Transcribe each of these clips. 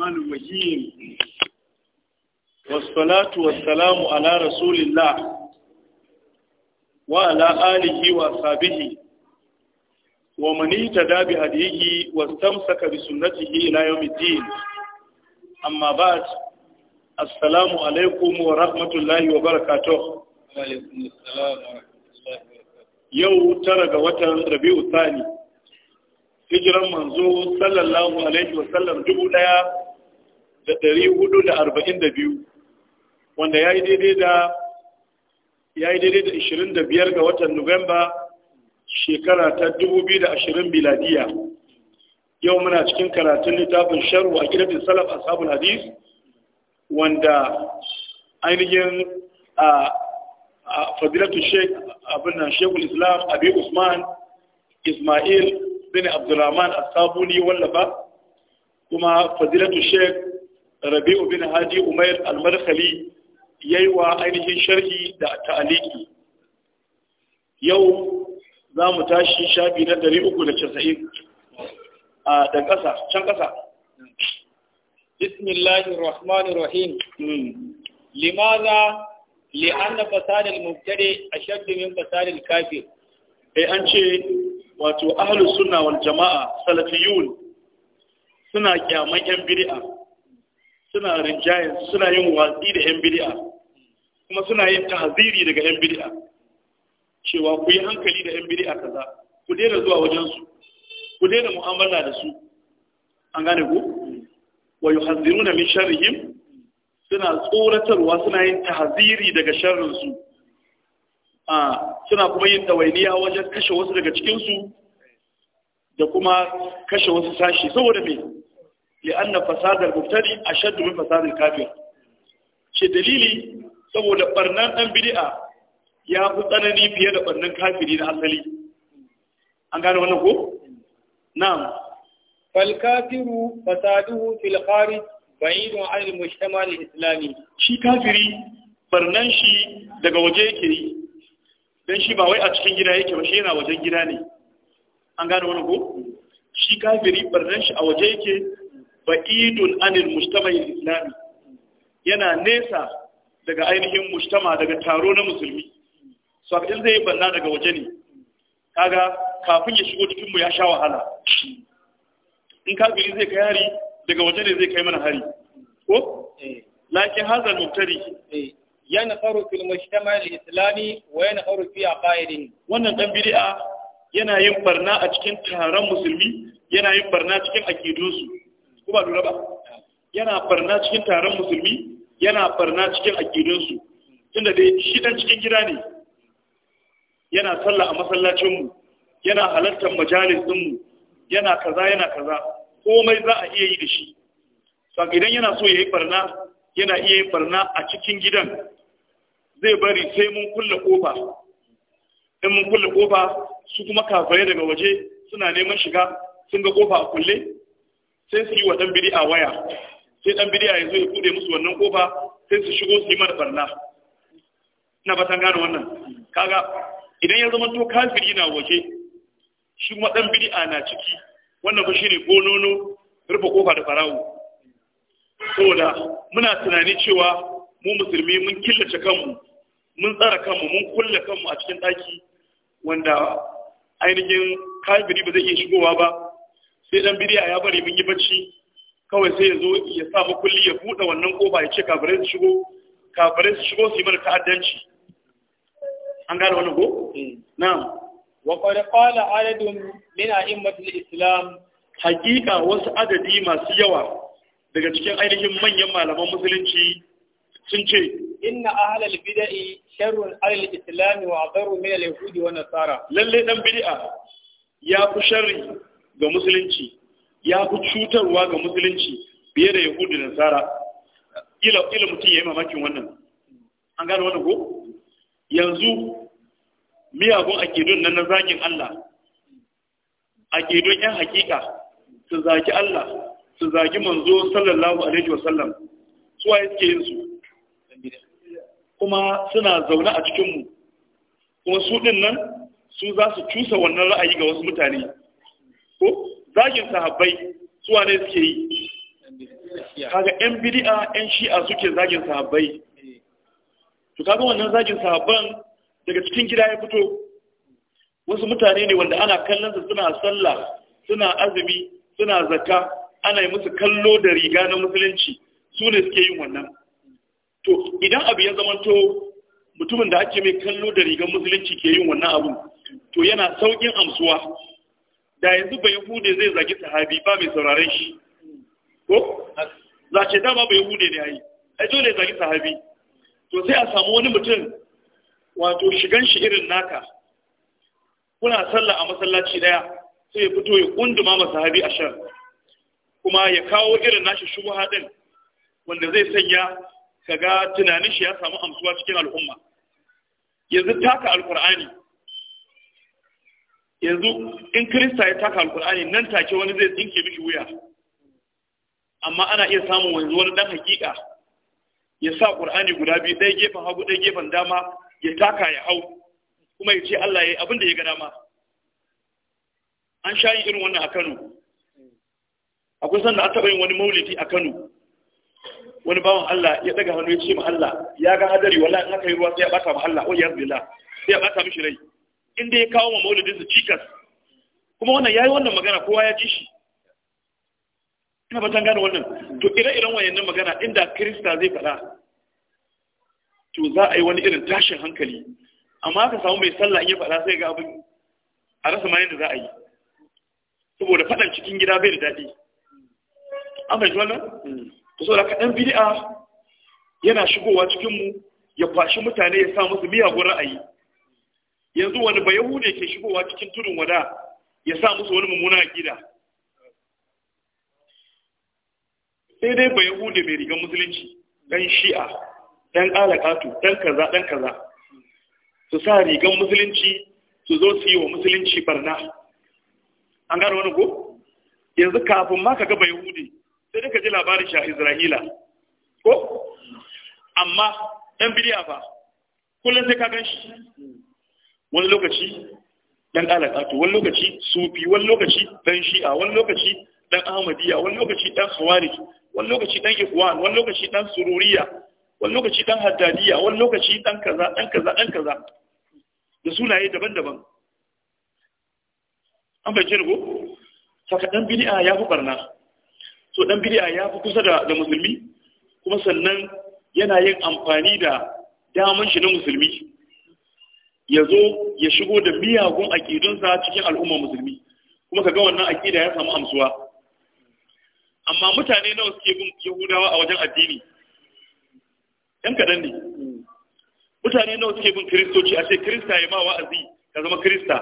الرحمن الرحيم والصلاة والسلام على رسول الله وعلى آله وصحبه ومن اهتدى بهديه واستمسك بسنته إلى يوم الدين أما بعد السلام عليكم ورحمة الله وبركاته وعليكم السلام ورحمة الله وبركاته يوم ترى وتر ربيع الثاني hijiran manzo sallallahu alaihi wasallam dubu daya da ɗari hudu da arba'in da biyu wanda ya yi daidai da ya yi daidai da ishirin da biyar ga watan nuwamba shekara ta dubu biyu da ashirin biladiya yau muna cikin karatun littafin sharu a gidan salaf ashabul hadis wanda ainihin a fadilatu sheik abin nan shekul islam abi usman ismail bin abdulrahman asabuni wallafa kuma fadilatu sheik Rabi bin hadi umair al-madkhali yayi wa ainihin sharhi da ta'aliki yau za mu tashi shafi na 390 a da ƙasa can ƙasa bismillahir rahmanir rahim hmm. limaza li'anna fasadil mubtadi ashadd min fasadil kafir eh an ce wato ahlus sunna wal jama'a salafiyun suna kyaman yan bid'a suna rinjayen suna yin watsi da yan bid'a kuma suna yin tahziri daga yan bid'a cewa ku yi hankali da yan bid'a kaza ku daina zuwa wajen su ku daina mu'amala da su an gane ku wa yuhadhiruna min sharrihim suna tsoratarwa suna yin tahziri daga sharrin su a suna kuma yin dawainiya wajen kashe wasu daga cikin su da kuma kashe wasu sashi saboda me li'anna fasadar mubtadi ashaddu min fasadil kafir ce dalili saboda barnan dan bid'a ya fi tsanani fiye da barnan kafiri na asali an gane wannan ko na'am fal kafiru fasaduhu fil kharij ba'idun 'an al-mujtama' al-islami shi kafiri barnan shi daga waje yake yi dan shi ba wai a cikin gida yake ba shi yana wajen gida ne an gane wannan ko shi kafiri barnan shi a waje yake ba'idun anil mujtama'il islami yana nesa daga ainihin mujtama daga taro na musulmi so in zai banna daga waje ne kaga kafin ya shigo cikinmu ya sha wahala in kafin zai kai hari daga waje ne zai kai mana hari ko eh. lakin hazal mubtari eh. yanqaru fil mujtama'il islami wa ya faru fi ƙairin. wannan dan bid'a yana yin barna a cikin taron musulmi yana yin barna cikin akidunsu ko ba ba yana barna cikin taron musulmi yana barna cikin akidansu tunda dai shi dan cikin gida ne yana sallah a masallacin mu yana halartar majalis mu yana kaza yana kaza komai za a iya yi da shi so idan yana so ya yi barna yana iya yin barna a cikin gidan zai bari sai mun kulle kofa in mun kulle kofa su kuma kafirai daga waje suna neman shiga sun ga kofa a kulle sai su yi wa ɗan bidi'a waya sai ɗan bidi'a ya ya buɗe musu wannan kofa sai su shigo su yi mana barna ina fatan gane wannan kaga idan ya zama to kafiri na waje shi kuma ɗan bidi'a na ciki wannan ba shine gonono rufe kofa da farawo saboda muna tunani cewa mu musulmi mun killace kanmu mun tsara kanmu mun kulle kanmu a cikin ɗaki wanda ainihin kafiri ba zai iya shigowa ba sai dan bidiya ya bari mun yi bacci kawai sai ya zo ya sa makulli ya buɗe wannan kofa ya ce kafirai su shigo kafirai su shigo su yi mana ta'addanci an gane wannan ko mm. na'am wa qad qala adadun min a'immatul islam haqiqa wasu adadi masu yawa daga cikin ainihin manyan malaman musulunci sun ce inna ahlal bid'i sharrun ahlil islam wa adaru min al yahudi wa nasara lalle dan bid'a ya fi sharri ga musulunci ya fi cutarwa ga musulunci biye da yahudu da nasara ila mutum ya yi mamakin wannan an gane wannan ko yanzu miyagun akidun nan na zagin Allah akidun yan hakika su zagi Allah su zagi manzo sallallahu alaihi wasallam waye suke yin su kuma suna zaune a cikinmu kuma su din nan su za su cusa wannan ra'ayi ga wasu mutane zagin sahabbai suwa ne suke yi kaga yan bid'a yan shi'a suke zagin sahabbai to kaga wannan zagin sahabban daga cikin gida ya fito wasu mutane ne wanda ana kallon su suna sallah suna azumi suna zakka ana yi musu kallo da riga na musulunci su ne suke yin wannan to idan abu ya zamanto mutumin da ake mai kallo da rigar musulunci ke yin wannan abu to yana saukin amsuwa da yanzu bai hude zai zagi sahabi ba mai sauraren shi ko za ce dama bai hude ne ai ai dole zagi sahabi to sai a samu wani mutum wato shigan shi irin naka kuna sallah a masallaci daya sai ya fito ya kunduma ma sahabi shan kuma ya kawo irin nashi shubu haɗin wanda zai sanya kaga tunanin shi ya samu amsuwa cikin al'umma yanzu taka alkur'ani yanzu in kirista ya taka alkur'ani nan take wani zai tsinke miki wuya amma ana iya samun wanzu wani dan hakika ya sa alkur'ani guda biyu ɗaya gefen hagu ɗaya gefen dama ya taka ya hau kuma ya ce Allah ya yi abin da ya ga dama an sha yin irin wannan a Kano akwai sanda an taɓa yin wani maulidi a Kano wani bawan Allah ya daga hannu ya ce ma Allah ya ga hadari wala in aka yi ruwa sai ya bata ma Allah ya yazbillah sai ya bata mishi rai inda ya kawo ma maulidin su cikas kuma wannan yayi wannan magana kowa ya ji shi ina batan gane wannan to ire-iren wayannan magana inda kirista zai faɗa to za a yi wani irin tashin hankali amma ka samu mai sallah in ya faɗa sai ga abin a rasa ma yadda za a yi saboda faɗan cikin gida bai da daɗi an fahimci wannan to saboda ka ɗan bid'a yana shigowa cikin mu ya kwashi mutane ya sa musu miyagun ra'ayi yanzu wani ba yahude ke shigowa cikin tudun wada ya sa musu wani mummuna gida? sai dai ba yahude mai rigar musulunci dan shi'a dan alakatu dan kaza dan kaza su sa rigar musulunci su zo su yi wa musulunci barna an gano wani ko yanzu kafin ma ka ga ba yahude sai dai ka ji labarin shi a isra'ila ko amma yan bidiya ba kullum sai ka gan shi wani lokaci dan alaƙato wani lokaci sufi wani lokaci dan shi'a wani lokaci dan ahmadiyya wani lokaci dan khawarij wani lokaci dan ikwan wani lokaci dan sururiya wani lokaci dan haddadiya wani lokaci dan kaza dan kaza dan kaza da sunaye daban-daban an bai jirgo saka dan bid'a ya fi barna so dan bid'a ya fi kusa da da musulmi kuma sannan yana yin amfani da daman shi na musulmi ya zo ya shigo da miyagun aƙidunsa cikin al'ummar musulmi kuma ka ga wannan aƙida ya samu amsuwa amma mutane nawa suke bin yahudawa a wajen addini yan kaɗan ne mutane nawa suke bin kiristoci a ce kirista ya ma wa'azi ka zama kirista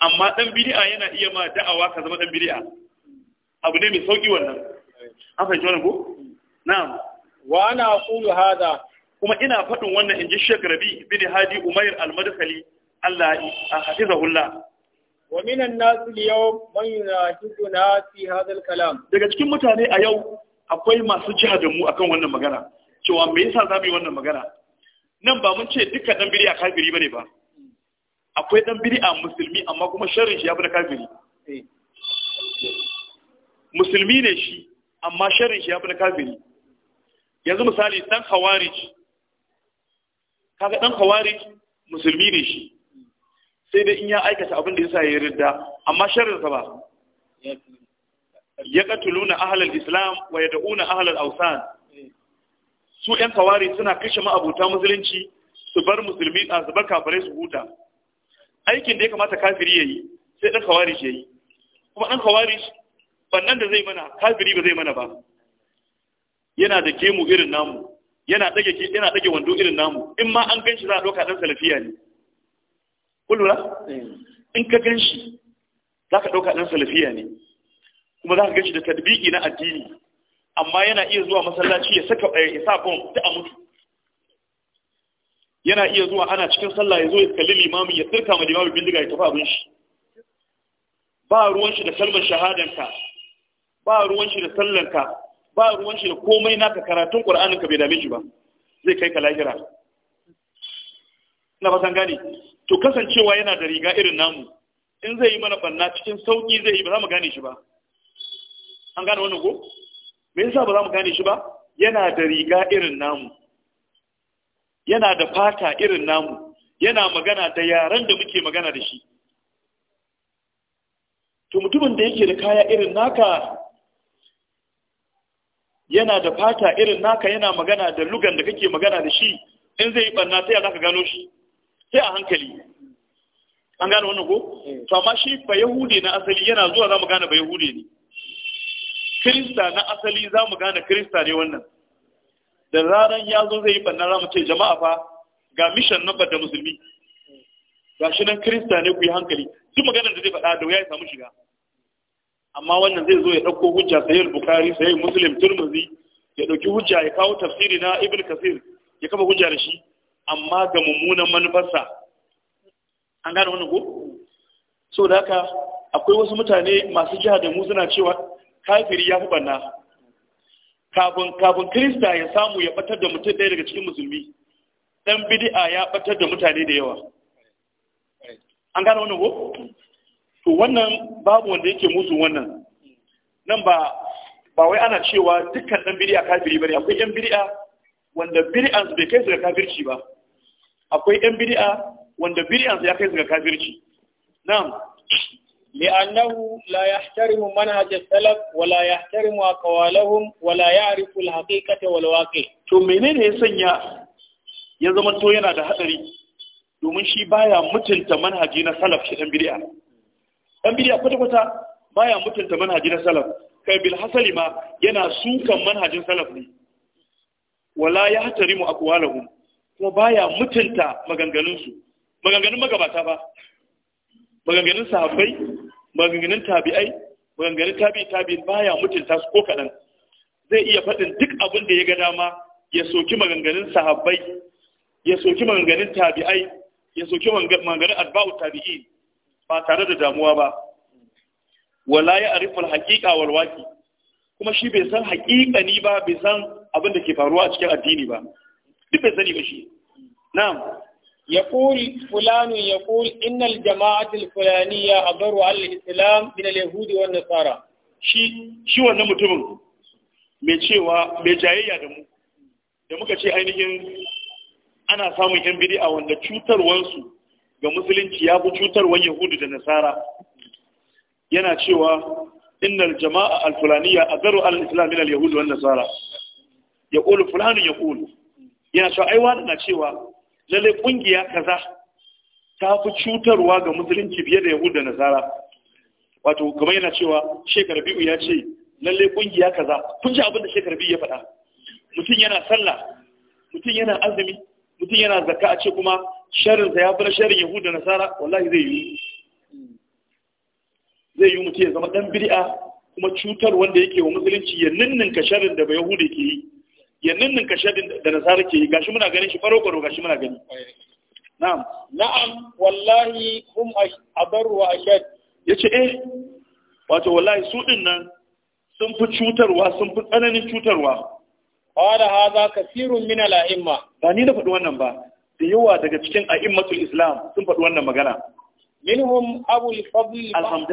amma ɗan bidi'a yana iya ma da'awa ka zama ɗan bidi'a abu ne mai sauƙi wannan an fahimci wannan ko na'am wa ana aqulu hada kuma ina faɗin wannan inji Sheikh Rabi bin Hadi Umair Al-Madkhali Allah ya hafizahullah wa an nas al-yawm man yunahiduna fi hadha al-kalam daga cikin mutane a yau akwai masu jiha da mu akan wannan magana cewa me yasa za mu yi wannan magana nan ba mun ce dukkan dan bid'a kafiri bane ba akwai dan bid'a musulmi amma kuma sharri shi ya fi na kafiri eh. musulmi ne shi amma sharri shi ya fi na kafiri yanzu misali dan khawarij kaga dan kawari musulmi ne shi sai dai in ya aikata abin da yasa ya ridda amma sharrinsa ba ya katuluna ahlal islam wa yad'una ahlal awsan su yan kawari suna kashe ma'abuta musulunci su bar musulmi a su bar kafirai su huta aikin da ya kamata kafiri yayi sai dan kawari shi yayi kuma dan kawari bannan da zai mana kafiri ba zai mana ba yana da kemu irin namu yana dage ki yana dage wando irin namu in ma an ganshi za a doka dan salafiya ne kullura eh. in ka ganshi za ka doka dan salafiya ne kuma za ka ganshi da tadbiki na addini amma yana iya zuwa masallaci ya saka eh, ya sa bom ta mutu yana iya zuwa ana cikin sallah ya zo ya kalli limamin ya tsirka ma limamin bindiga ya tafi abin shi ba ruwan shi da kalmar shahadanka ba ruwan shi da sallanka ba ruwan shi da komai naka karatun qur'anin ka bai dame shi ba zai kai ka lahira na ba san gane to kasancewa yana da riga irin namu in zai yi mana banna cikin sauki zai yi ba za mu gane shi ba an gane wannan ko me yasa ba za mu gane shi ba yana da riga irin namu yana da fata irin namu yana magana da yaren da muke magana da shi to mutumin da yake da kaya irin naka yana da fata irin naka yana magana da lugan da kake magana da shi in zai yi barna sai yana ka gano shi sai a hankali an gane wannan ko eh. to amma shi ba yahudi na asali yana zuwa za mu gane ba yahudi ne krista na asali za mu gane krista ne wannan da zaran ya zo zai yi barna za mu ce jama'a fa ga mission na da musulmi ga shi nan krista ne ku yi hankali duk maganar da zai faɗa da wuya ya samu shiga amma wannan zai zo ya ɗauko hujja sayar bukari sayar muslim turmuzi ya ɗauki hujja ya kawo tafsiri na ibn kasir ya kafa hujja da shi amma ga mummunan manufarsa an gane wannan ko so da haka akwai wasu mutane masu jiha da mu suna cewa kafiri ya fi banna kafin kafin kirista ya samu ya batar da mutum ɗaya daga cikin musulmi dan bid'a ya batar da mutane da yawa an gane wannan ko to wannan babu wanda yake musu wannan nan ba ba wai ana cewa dukkan dan bid'a kafiri bane akwai yan bid'a wanda bid'an su bai kai su ga kafirci ba akwai yan bid'a wanda bid'an su ya kai su ga kafirci na'am لأنه لا يحترم منهج السلف ولا يحترم أقوالهم ولا يعرف الحقيقة والواقع to menene ya sanya ya zama to yana da hadari domin shi baya mutunta manhaji na salaf shi dan bid'a ɗan bidiya kwata kwata ba ya mutunta manhajin salaf kai bil hasali ma yana sukan manhajin salaf ne wala ya mu hatarimu aqwalahum kuma ya mutunta maganganun maganganun magabata ba maganganun sahabbai maganganun tabi'ai maganganun tabi ba ya mutunta su ko kaɗan. zai iya faɗin duk abin da ya ga dama ya soki maganganun sahabbai ya soki maganganun tabi'ai ya soki maganganun atba'u tabi'in ba tare da damuwa ba wala ya ariful haqiqa wal waqi kuma shi bai san ni ba bai san abin da ke faruwa a cikin addini ba duk bai sani ba shi na'am na innal jama'atul fulaniya الجماعة al islam min al yahudi wan nasara shi shi wannan mutumin mai cewa mai jayayya da mu da muka ce ainihin ana samun yan bid'a wanda cutarwansu ga musulunci ya fi cutarwar yahudu da nasara yana cewa innal jama'a al a azaru al-islam min al-yahudu wa nasara ya ƙulu fulanin ya yana cewa wani na cewa lalle ƙungiya kaza ta fi cutarwa ga musulunci fiye da yahudu da nasara wato kuma yana cewa shekar biyu ya ce lalle ƙungiya kaza kun ji abin da shekar biyu ya faɗa mutum yana sallah mutum yana azumi mutum yana zakka a ce kuma sharinsa ya fara sharin yahudu da nasara wallahi zai yi zai yi mutum ya zama ɗan bir'a kuma cutar wanda yake wa musulunci ya ninninka sharin da ba yahudu ke yi ya ninninka sharin da nasara ke yi gashi muna ganin shi faro ga gashi muna gani na'am na'am wallahi hum abar wa ashad ce eh wato wallahi su din nan sun fi cutarwa sun fi tsananin cutarwa qala hadha kathirun min al-a'imma ba ni na faɗi wannan ba da yawa daga cikin a'immatul islam sun faɗi wannan magana minhum abu al-fadl al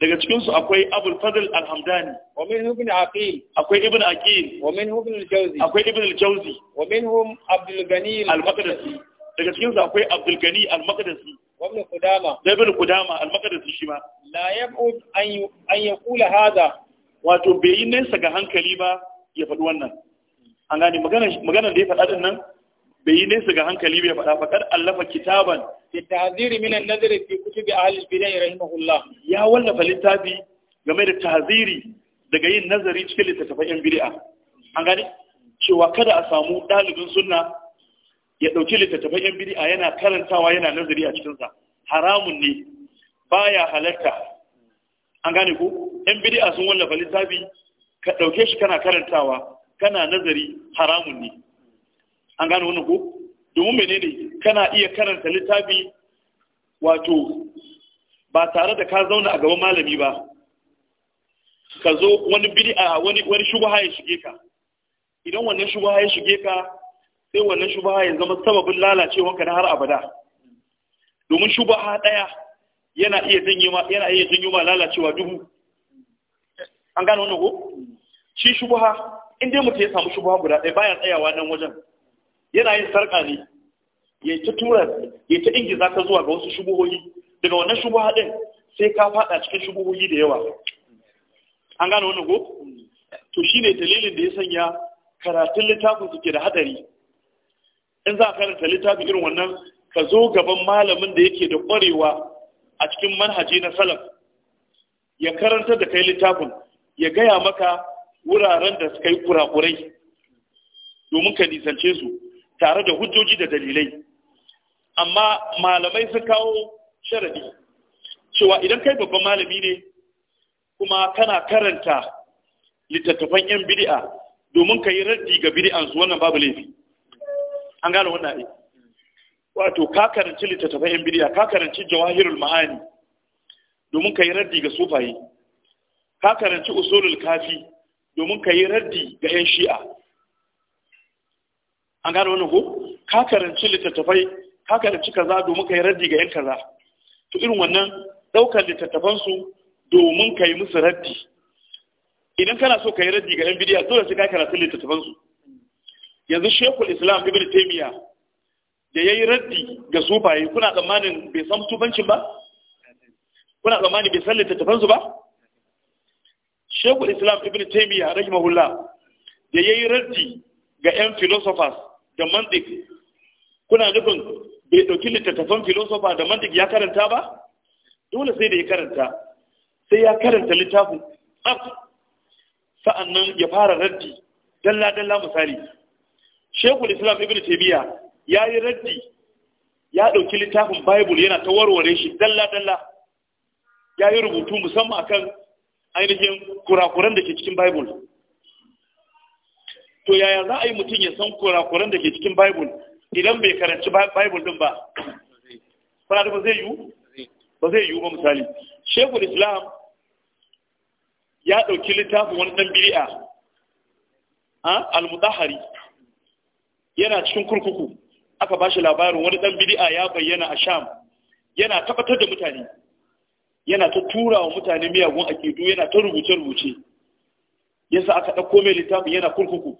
daga cikin su akwai abu al-fadl al wa minhum ibn aqil akwai ibn aqil wa minhum ibn al akwai ibn al wa minhum abdul ghani al-maqdisi daga cikin su akwai abdul ghani al-maqdisi wa ibn qudama da ibn qudama al-maqdisi shi ma la yab'ud an an yaqula hadha wato bai yi nesa ga hankali ba ya faɗi wannan an gane maganar da ya faɗa din nan bai yi nesa ga hankali bai faɗa faɗar allafa kitaban da taziri minan nazr fi kutubi ahli al rahima rahimahullah ya wallafa littafi game da taziri daga yin nazari cikin littattafan yan bid'a an gane cewa kada a samu ɗalibin sunna ya ɗauki littattafan yan bid'a yana karantawa yana nazari a cikin sa haramun ne baya halarta an gane ko yan bid'a sun wallafa littafi ka ɗauke shi kana karantawa kana nazari haramun ne an gano wani ko domin menene kana iya karanta littafi wato ba tare da ka zauna a gaban malami ba ka zo wani bid'a wani wani shubha ya shige ka idan wannan shubha ya shige ka sai wannan shubha ya zama sababin lalacewa ka na har abada domin shubha daya yana iya janyo ma yana iya janyo ma lalacewa dubu an gano wannan ko shi shubha in dai mutum ya samu shubha guda ɗaya baya tsayawa nan wajen yana yin sarƙa ne ya ta tura ya ta ingiza ka zuwa ga wasu shubuhoyi daga wannan shubuha din sai ka faɗa cikin shubuhoyi da yawa an gane wannan ko to shine dalilin da ya sanya karatun littafin suke da hadari in za a karanta littafin irin wannan ka zo gaban malamin da yake da ƙwarewa a cikin manhaji na salaf ya karanta da kai littafin ya gaya maka wuraren da suka yi kurakurai domin ka nisance su tare da hujjoji da dalilai amma malamai sun kawo sharadi cewa idan kai babban malami ne kuma kana karanta littattafan yan bid'a domin ka yi raddi ga bid'ansu wannan babu laifi an gane wannan ne wato ka karanci littattafan yan bid'a ka karanci jawahirul ma'ani domin ka yi raddi ga sufaye ka karanci usulul kafi domin ka yi raddi ga yan shi'a an gano wannan ko ka karanci littattafai ka karanci kaza domin ka yi raddi ga yan kaza to irin wannan ɗaukar littattafansu domin ka yi musu raddi idan kana so ka yi raddi ga yan bidiya dole sai ka karatu littattafansu yanzu shekul islam ibn Taimiyya da ya yi raddi ga sufaye kuna tsammanin bai san tubancin ba kuna tsammanin bai san littattafansu ba shekul islam ibn taimiya rahimahullah da ya yi raddi ga 'yan philosophers da mantik kuna nufin bai ɗauki littattafan filosofa da mantik ya karanta ba dole sai da ya karanta sai ya karanta littafin tsaf nan ya fara raddi dalla dalla misali shekul islam ibn tabiya ya yi raddi ya ɗauki littafin bible yana ta warware shi dalla dalla ya yi rubutu musamman akan ainihin kurakuran da ke cikin bible to yaya za a yi mutum ya san kurakuran da ke cikin bible idan bai karanci bible din ba fara ba zai yiwu ba zai yiwu ba misali shekul islam ya ɗauki littafin wani ɗan biri'a al-mudahari yana cikin kurkuku aka ba shi labarin wani ɗan biri'a ya bayyana a sham yana tabbatar da mutane yana ta tura wa mutane miyagun akidu yana ta rubuce-rubuce yasa aka ɗauko mai littafin yana kurkuku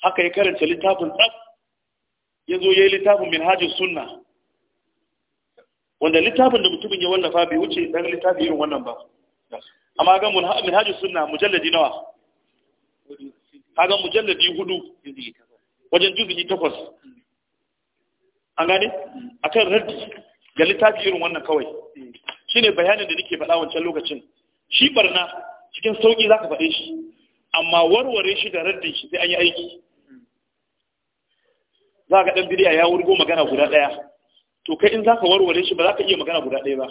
haka ya karanta littafin tsaf ya zo ya yi littafin minhajin sunna wanda littafin da mutumin ya wallafa bai wuce ɗan littafi irin wannan ba amma ga minhajin sunna mujalladi nawa kaga mujalladi hudu wajen juzuyi takwas an gane kan raddi ga littafi irin wannan kawai shine bayanin da nake faɗa wancan lokacin shi barna cikin sauƙi za ka faɗe shi amma warware shi da raddin shi sai an yi aiki za ka ɗan bidiya ya wurgo magana guda ɗaya, to kai in za ka warware shi ba za ka iya magana guda ɗaya ba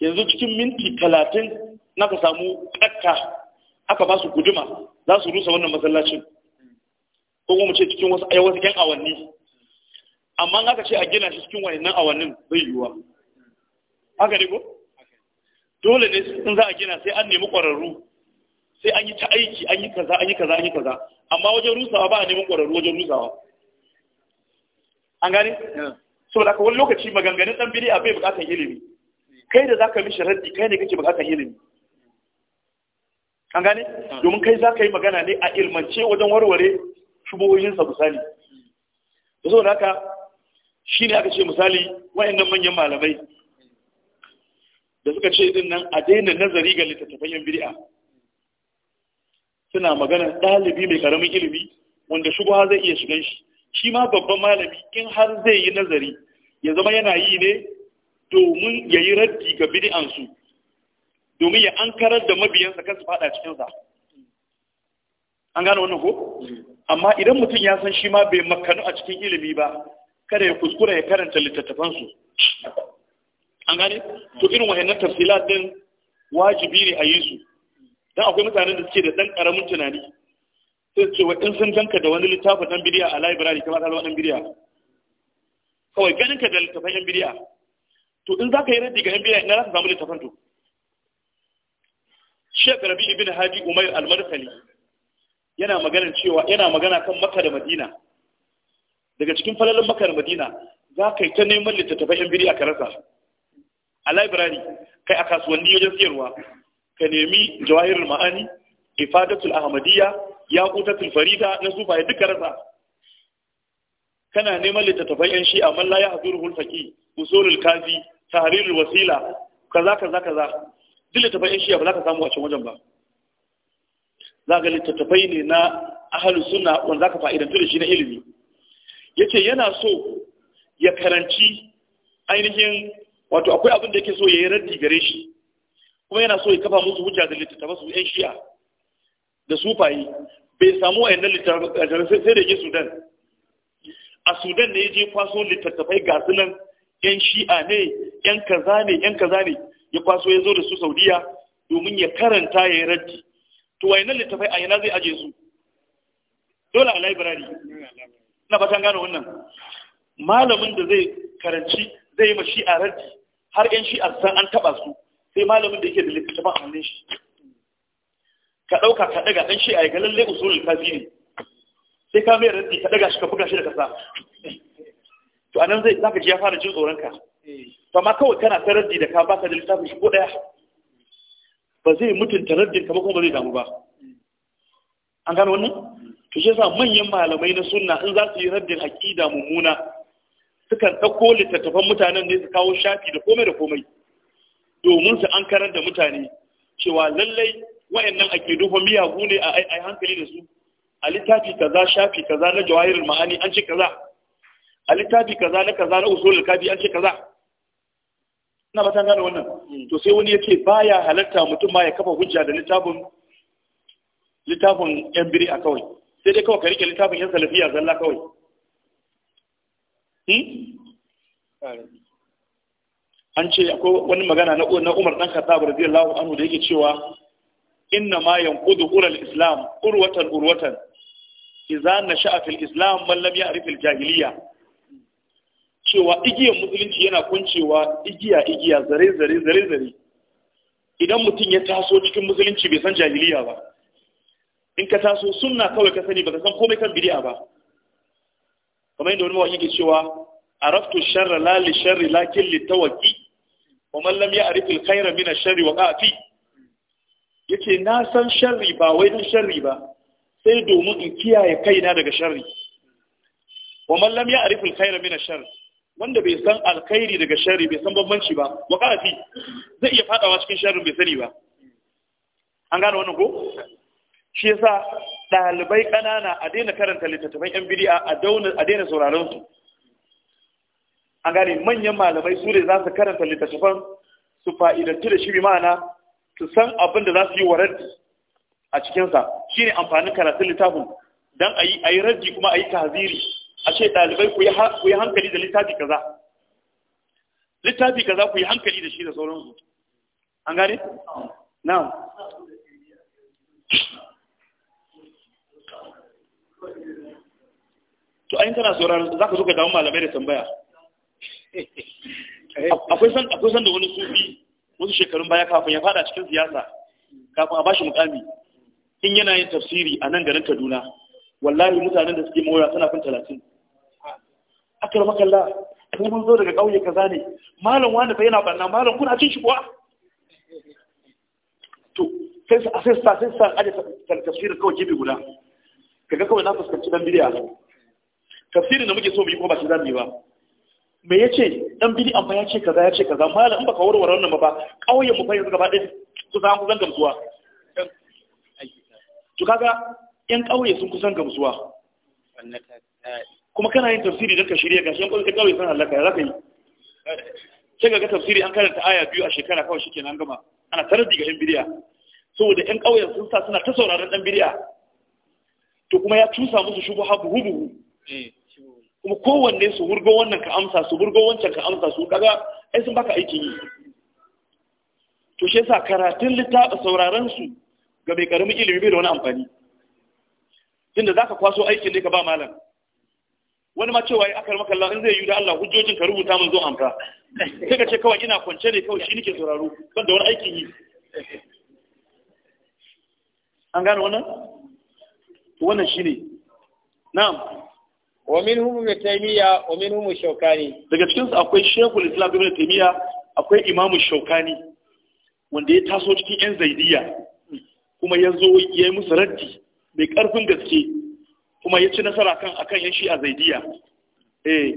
yanzu cikin minti talatin na ka samu ƙatta aka ba su guduma za su rusa wannan masallacin ko kuma ce cikin wasu wasu ƴan awanni amma aka ce a gina shi cikin wayannan awannin bai yiwuwa haka ne ko dole ne in za a gina sai an nemi ƙwararru sai an yi ta aiki an yi kaza an yi kaza an yi kaza amma wajen rusawa ba a neman ƙwararru wajen rusawa an gane saboda haka wani lokaci maganganun dan a bai buƙatar ilimi kai da zaka mishi raddi kai ne kake buƙatar ilimi an gane domin kai zaka yi magana ne a ilmance wajen warware shubohin sa misali saboda haka shine aka ce misali wayannan manyan malamai da suka ce din nan a daina nazari ga littattafan yan bid'a suna magana ɗalibi mai ƙaramin ilimi wanda shugaba zai iya shigan shi shi ma babban malami in har zai yi nazari ya zama yana yi ne domin ya yi raddi ga bidi'ansu domin ya ankarar da mabiyansa kan su fada cikinsa an gane wannan ko amma idan mutum ya san shi ma bai makanu a cikin ilimi ba kada ya kuskura ya karanta littattafansu an gane to irin wayannan tafsilat din wajibi ne a yi su dan akwai mutanen da suke da dan karamin tunani sai ce wa in sun ganka da wani littafin dan bidiya a library kamar ta dan bidiya kawai ganin ka da littafin dan bidiya to in zaka yi raddi ga yan bidiya ina zaka samu littafin to Sheikh Rabi ibn Hadi Umair al-Madkhali yana magana cewa yana magana kan Makka da Madina daga cikin falalin Makka da Madina za ka yi ta neman littattafan yan bidiya ka rasa a library kai a kasuwanni wajen siyarwa ka nemi jawahir ma'ani ifadatul ahmadiyya ya yaqutatul farida na sufaye duka rasa kana neman littattafai yan shi amma la yahzuruhul hulfaki, usulul kazi tahrirul wasila kaza kaza kaza duk littattafai yan shi ba za ka samu a cikin wajen ba za ga littattafai ne na ahlu sunna wanda za ka fa'idantu da shi na ilimi yace yana so ya karanci ainihin wato akwai abin da yake so ya yi raddi gare shi kuma yana so ya kafa musu hujja da littattafa su yan shi'a da sufayi bai samu wayannan littattafai sai da ke sudan a sudan ne ya je kwaso littattafai ga nan yan shi'a ne yan kaza ne yan kaza ne ya kwaso ya zo da su saudiya domin ya karanta ya yi raddi to wayannan littattafai a yana zai aje su dole a library na batan gano wannan malamin da zai karanci zai yi ma shi'a raddi har yan shi'a san an taba su sai malamin da yake da littattafan a hannun shi ka ɗauka ka ɗaga ɗan shi a ga lalle usulul kafi ne sai ka mai raddi ka ɗaga shi ka buga shi da kasa to anan zai zaka ji ya fara jin tsoron ka to amma kawai kana ta raddi da ka baka da littafin shi ko ɗaya ba zai mutunta raddin ka ba kuma ba zai damu ba an gano wannan to shi yasa manyan malamai na sunna in za su yi raddin aqida mummuna sukan ɗauko littattafan mutanen ne su kawo shafi da komai da komai domin su an karar da mutane cewa lallai wayannan ake fa miyagu ne a ai hankali da su a littafi kaza shafi kaza na jawahirul ma'ani an ce kaza a littafi kaza na kaza na usulul kafi an ce kaza ina ba ta gane wannan hmm. to sai wani yace baya halatta mutum ma ya kafa hujja da littafin littafin yan biri a kawai sai dai kawai ka rike littafin yan salafiya zalla kawai hmm? an ce akwai wani magana na Umar dan Khattab radiyallahu anhu da yake cewa inna ma yanqudu ural islam urwatan urwatan idza nasha'a fil islam man lam ya'rif al jahiliya cewa igiyar musulunci yana kuncewa igiya igiya zare zare zare zare idan mutum ya taso cikin musulunci bai san jahiliya ba in ka taso sunna kawai ka sani ba ka san komai kan bid'a ba kamar yadda wani mawaƙi ke cewa araftu sharra la li sharri lakin li wa man lam ya'rif al-khayra min ash-sharri wa qafi yace na san sharri ba wai dan sharri ba sai domin in kiyaye kaina daga sharri wa man lam ya'rif al-khayra min ash-sharri wanda bai san alkhairi daga sharri bai san bambanci ba wa qafi zai iya fadawa cikin sharri bai sani ba an gane wannan ko shi yasa ɗalibai ƙanana a daina karanta littattafan yan bidi'a a daina sauraron su an gane manyan malamai su ne za su karanta littattafan su fa'idantu da shi bi ma'ana su san abin da za su yi wa raddi a cikinsa shi ne amfanin karatun littafin don a yi raddi kuma a yi tahaziri a ce ɗalibai ku yi hankali da littafi kaza littafi kaza ku yi hankali da shi da sauransu an gane? na'am to ayin tana sauraron za ka zo ka damu malamai da tambaya Eh, akwai san da wani sufi wasu shekarun baya kafin ya fada cikin siyasa kafin a ba shi mukami in yana yin tafsiri a nan garin Kaduna wallahi mutanen da suke moya suna talatin. Aka akar makalla ko mun zo daga ƙauye kaza ne malam wanda bai yana barna malam kuna cin shi kuwa to sai a sai sa sai sa aje tafsirin kawai gefe guda kaga kawai na fuskanci dan bidiya tafsirin da muke so mu yi ko ba shi zamu yi ba me ya ce ɗan bidi amma ya ce kaza ya ce kaza malam in baka warware wannan ba ƙauyen mu fa yanzu gaba ɗaya su san kusan gamsuwa to kaga yan ƙauye sun kusan gamsuwa kuma kana yin tafsiri don ka shirya gashi yan ƙauye sun halaka ya zaka yi sai ga tafsiri an karanta aya biyu a shekara kawai shikenan an gama ana tarar ga yan bidiya saboda yan ƙauyen sun sa suna ta sauraron ɗan bidiya to kuma ya cusa musu shubu buhu-buhu. Eh. kuma kowanne su wurgo wannan ka amsa su wurgo wancan ka amsa su kaga ai sun baka aikin yi to shi yasa karatun littafi sauraron su ga mai karamin ilimi bai da wani amfani tunda zaka kwaso aikin ne ka ba malam wani ma cewa aka akar maka in zai yi da Allah hujjojin ka rubuta mun zo amsa sai ka ce kawai ina kwance ne kawai shi nake sauraro ban da wani aikin yi an gane wannan wannan shine na'am wa humu ibn taymiya wa minhum shawkani daga cikin su akwai shekul islam ibn taymiya akwai imam shawkani wanda ya taso cikin yan zaidiya kuma ya zo ya yi musu raddi mai karfin gaske kuma ya ci nasara kan akan yan shi'a zaidiya eh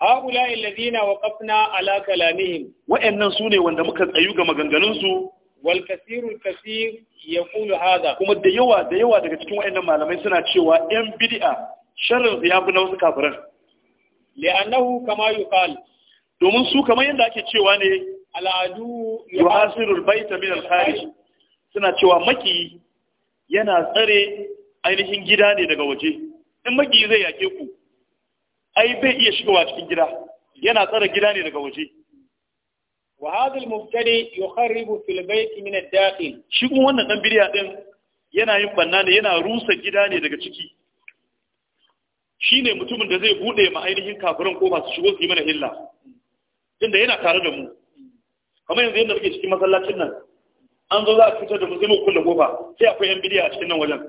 haula alladhina waqafna ala kalamihim wa'annan sune wanda muka tsayu ga maganganun su wal kasirul kasir yaqulu hada kuma da yawa da yawa daga cikin wa'annan malamai suna cewa yan bid'a sharrin su ya fi na wasu kafiran li'annahu kama yuqal domin su kamar yadda ake cewa ne al'adu yuhasirul baita min al-kharij suna cewa maki yana tsare ainihin gida ne daga waje in maki zai yake ku ai bai iya shigowa cikin gida yana tsare gida ne daga waje wa hadha al-mubtadi yukharribu fil bayt min ad-dakhil shi wannan dan bidiya din yana yin banna ne yana rusa gida ne daga ciki Shi ne mutumin da zai bude ma ainihin kafiran ko masu shigo su yi mana illa tunda yana tare da mu kamar yanzu yadda muke cikin masallacin nan an zo za a fitar da mu sai mu kulle kofa sai akwai yan bidiya a cikin nan wajen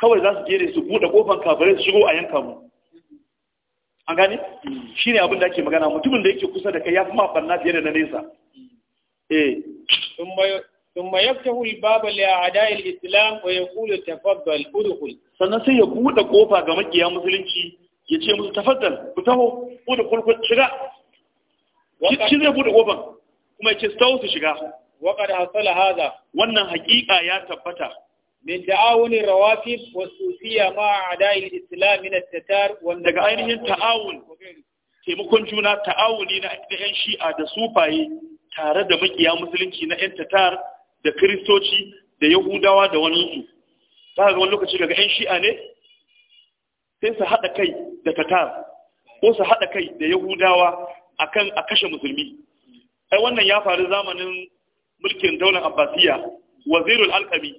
kawai za su jere su bude kofan kafirai su shigo a yanka mu an gane ne abin da ake magana mutumin da yake kusa da kai ya fi ma barna fiye da na nesa ثم يفتح الباب لأعداء الإسلام ويقول تفضل ادخل sannan sai ya buɗe kofa ga makiya musulunci ya ce musu tafaddal ku taho ko da kulkul shiga shi zai buɗe kofan kuma ya ce su taho su shiga waqad hasala hadha wannan haƙiƙa ya tabbata min ta'awuni rawafid wa sufiya ma a'da'i al-islam min at-tatar daga ainihin ta'awun taimakon juna ta'awuni na ɗayan shi'a da sufaye tare da makiya musulunci na yan tatar da kristoci da yahudawa da wani za ka ga wani lokaci daga 'yan shi'a ne sai su haɗa kai da tatar ko su haɗa kai da yahudawa akan a kashe musulmi ai wannan ya faru zamanin mulkin daular abbasiya wazirul alƙami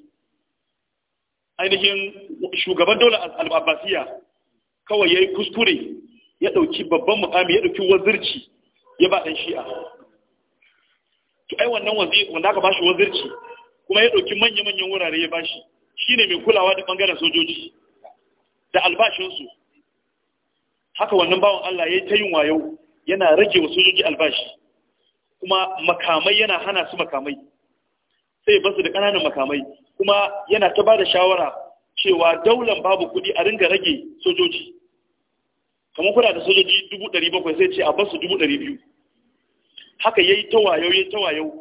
ainihin shugaban daular abbasiya kawai ya yi kuskure ya ɗauki babban mukami ya ɗauki wazirci ya ba ɗan shi'a to ai wannan wanda aka ba shi wazirci kuma ya ɗauki manya-manyan wurare ya ba shi shine mai kulawa da bangaren sojoji da albashinsu haka wannan bawan Allah ya yi ta yin wayo yana rage wa sojoji albashi kuma makamai yana hana su makamai sai basu da kananan makamai kuma yana ta ba da shawara cewa daular babu kuɗi a ringa rage sojoji kamar kuna da sojoji 700 sai ce a basu 200 haka ya yi ta wayo ya yi ta wayo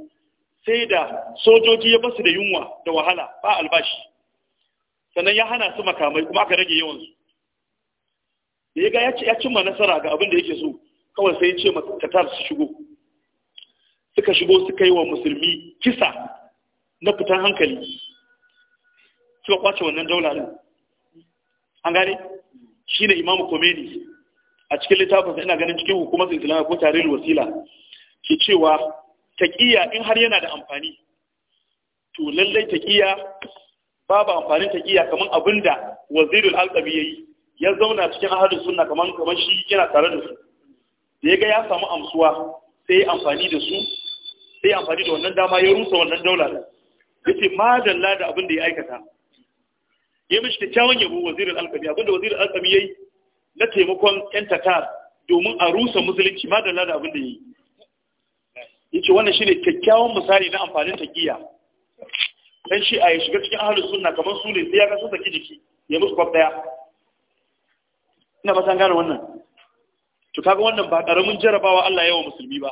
sai da sojoji ya basu da yunwa da wahala ba albashi sannan ya hana su makamai kuma aka rage yawan su ya ga ya cimma nasara ga abin da yake so kawai sai ya ce Qatar su shigo suka shigo suka yi wa musulmi kisa na fitan hankali suka kwace wannan daula din an gane shine Imam komeni a cikin littafinsa ina ganin cikin hukumar Islam ko tarihin wasila ke cewa taqiya in har yana da amfani to lallai taqiya babu amfanin taqiya kaman abinda wazirul ya yi, ya zauna cikin ahalin sunna kaman kaman shi yana tare da su da yaga ya samu amsuwa sai ya amfani da su sai ya amfani da wannan dama ya rusa wannan daula yace madalla da abin da ya aikata ya mishi kyakkyawan yabo wazirin alkami abinda wazirul alkami ya yi na taimakon 'yan tatar domin a rusa musulunci ma da abinda ya yi ya ce wannan shi ne kyakkyawan misali na amfanin taƙiya dan shi a yi shiga cikin ahlus sunna kamar su ne sai ya ga saki jiki ya musu kwaf daya ina ba san gane wannan to kaga wannan ba karamin jarabawa Allah yawa musulmi ba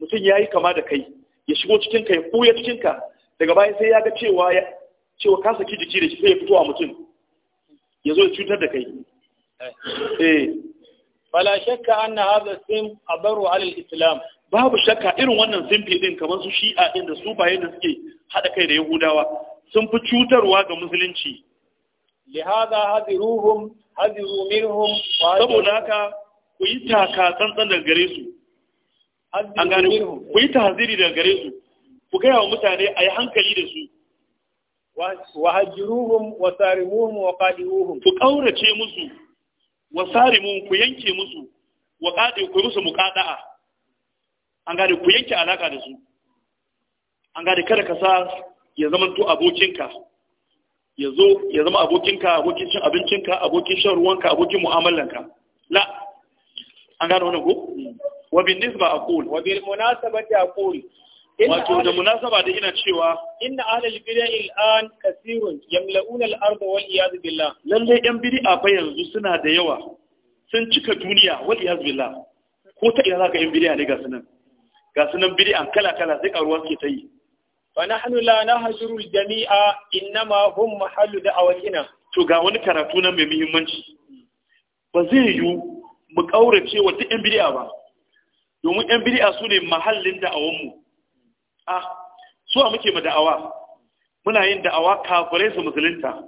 mutum yayi kama da kai ya shigo cikin ya ɓuya cikin ka daga baya sai ya ga cewa ya cewa ka saki jiki da shi sai ya fito a mutum ya zo ya cutar da kai eh, eh. fala shakka anna hadha sim abaru ala islam babu shakka irin wannan simfi din kamar su shi'a din da su baye da suke hada kai da yahudawa sun fi cutarwa ga musulunci lihada hadiruhum hadiru minhum saboda haka ku yi taka tsantsan daga gare su an gane ku yi tahziri daga gare su ku gaya wa mutane a yi hankali da su wa hajiruhum wa sarimuhum wa qadihuhum ku kaurace musu wa sarimu ku yanke musu wa kade ku musu muqada'a an gane ku yanke alaka da su an gane kada ka sa ya zama to abokinka ya zo ya zama abokinka abokin cin abincinka abokin shan ruwanka abokin mu'amalanka la an gane wannan ko mm. wa bin nisba aqul wa bil munasabati aqul wato da munasaba da ina cewa inna ahlal bid'ah al'an kaseerun yamla'una al-ardh wal iyad billah lalle yan bid'a fa yanzu suna da yawa sun cika duniya wal iyad billah ko ta ina zaka yan bid'a ne ga sunan ga sunan bid'a kala kala sai karuwa suke ta yi fa nahnu la nahjuru al-jami'a innama hum mahallu da'awatina to ga wani karatu nan mai muhimmanci ba zai yiwu mu kaurace wa duk yan bid'a ba domin yan bid'a su ne mahallin da'awanmu a suwa muke ma da'awa muna yin da'awa kafirai su musulunta